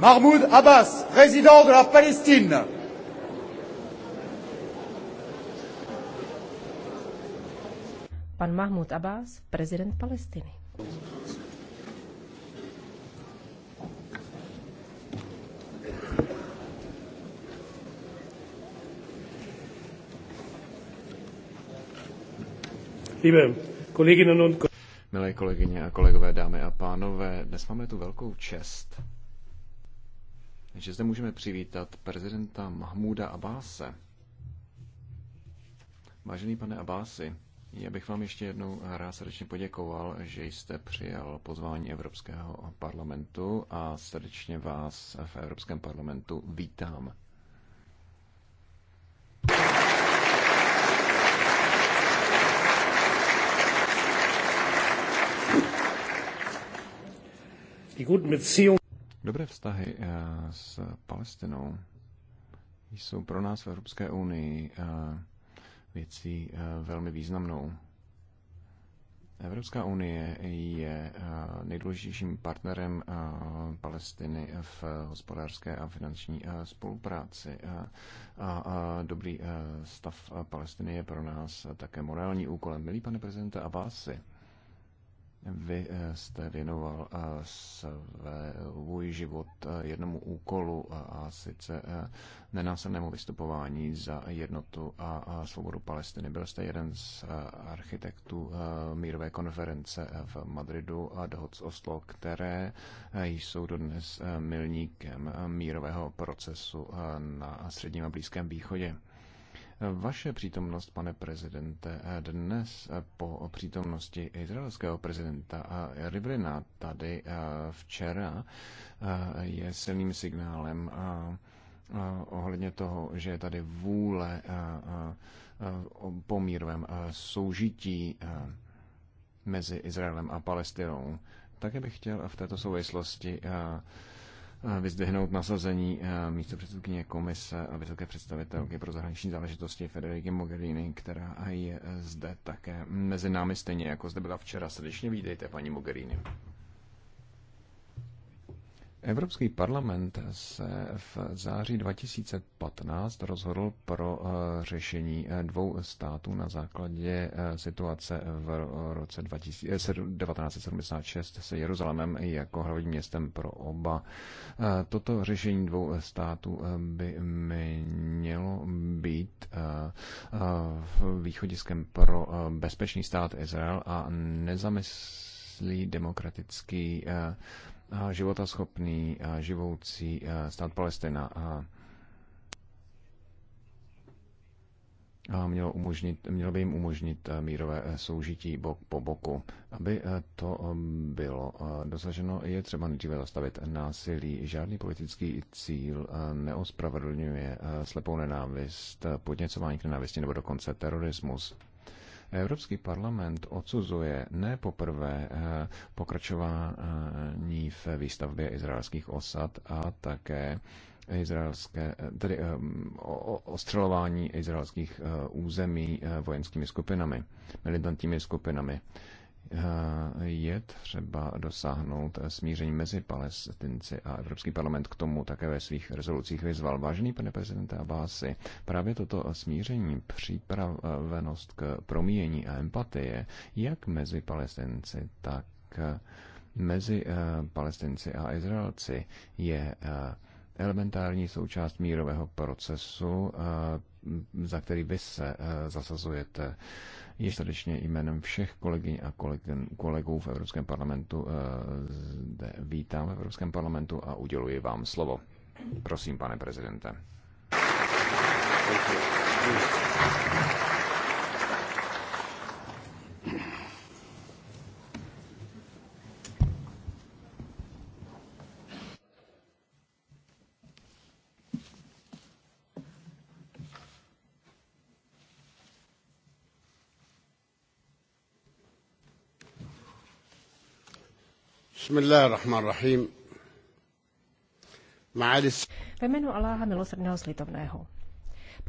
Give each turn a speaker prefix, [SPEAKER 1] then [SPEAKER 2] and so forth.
[SPEAKER 1] Mahmoud Abbas, président de la Palestine. Pan Mahmoud Abbas, prezident Palestiny. Liebe Kolleginnen und Milé kolegyně a kolegové, dámy a pánové, dnes máme tu velkou čest že zde můžeme přivítat prezidenta Mahmuda Abáse. Vážený pane Abási, já bych vám ještě jednou rád srdečně poděkoval, že jste přijal pozvání Evropského parlamentu a srdečně vás v Evropském parlamentu vítám. Die guten Beziehungen Dobré vztahy eh, s Palestinou jsou pro nás v Evropské unii eh, věcí eh, velmi významnou. Evropská unie je nejdůležitějším partnerem Palestiny v hospodářské a finanční spolupráci. A dobrý stav Palestiny je pro nás také morální úkolem. Milý pane prezidente Abasi, vy eh, jste věnoval eh, svůj život eh, jednomu úkolu a sice nenásilnému vystupování za jednotu a svobodu Palestiny. Byl jste jeden z architektů mírové konference v Madridu a dohod z Oslo, které jsou dodnes milníkem mírového procesu na středním a blízkém východě. Vaše přítomnost, pane prezidente, dnes po přítomnosti izraelského prezidenta Rivlina tady včera je silným signálem ohledně toho, že je tady vůle po mírovém soužití mezi Izraelem a Palestinou. Také bych chtěl v této souvislosti Eh, vyzdvihnout nasazení eh, místo předsedkyně komise a vysoké představitelky pro zahraniční záležitosti Federiky Mogherini, která je eh, zde také mezi námi stejně jako zde byla včera. Srdečně vítejte, paní Mogherini. Evropský parlament se v září 2015 rozhodl pro eh, řešení eh, dvou států na základě eh, situace v roce 1976 se Jeruzalémem jako hlavním městem pro oba. Toto řešení dvou států by mělo být východiskem pro bezpečný stát Izrael a nezamyslí nezávislý, demokratický, eh, eh, životaschopný, eh, živoucí stát Palestina. A mělo, umožnit, mělo by jim umožnit mírové soužití bok po boku. Aby to bylo dosaženo, je třeba nejdříve zastavit násilí. Žádný politický cíl neospravedlňuje slepou nenávist, podněcování k nenávisti nebo dokonce terorismus. Evropský parlament odsuzuje ne poprvé eh, pokračování v výstavbě izraelských osad a také izraelské, eh, tedy eh, ostřelování izraelských území vojenskými skupinami, militantními skupinami je třeba dosáhnout smíření mezi palestinci a Evropský parlament k tomu také ve svých rezolucích vyzval. Vážený pane prezidente Abási, právě toto smíření, připravenost k promíjení a empatie, jak mezi palestinci, tak mezi eh, palestinci a Izraelci je uh, elementární součást mírového procesu, za který vy se zasazujete. Je srdečně jménem všech kolegyň a kolegů v Evropském parlamentu zde vítám v Evropském parlamentu a uděluji vám slovo. Prosím, pane prezidente. Thank you. بسم الله الرحمن الرحيم Ve jménu Aláha milosrdného zlitovného.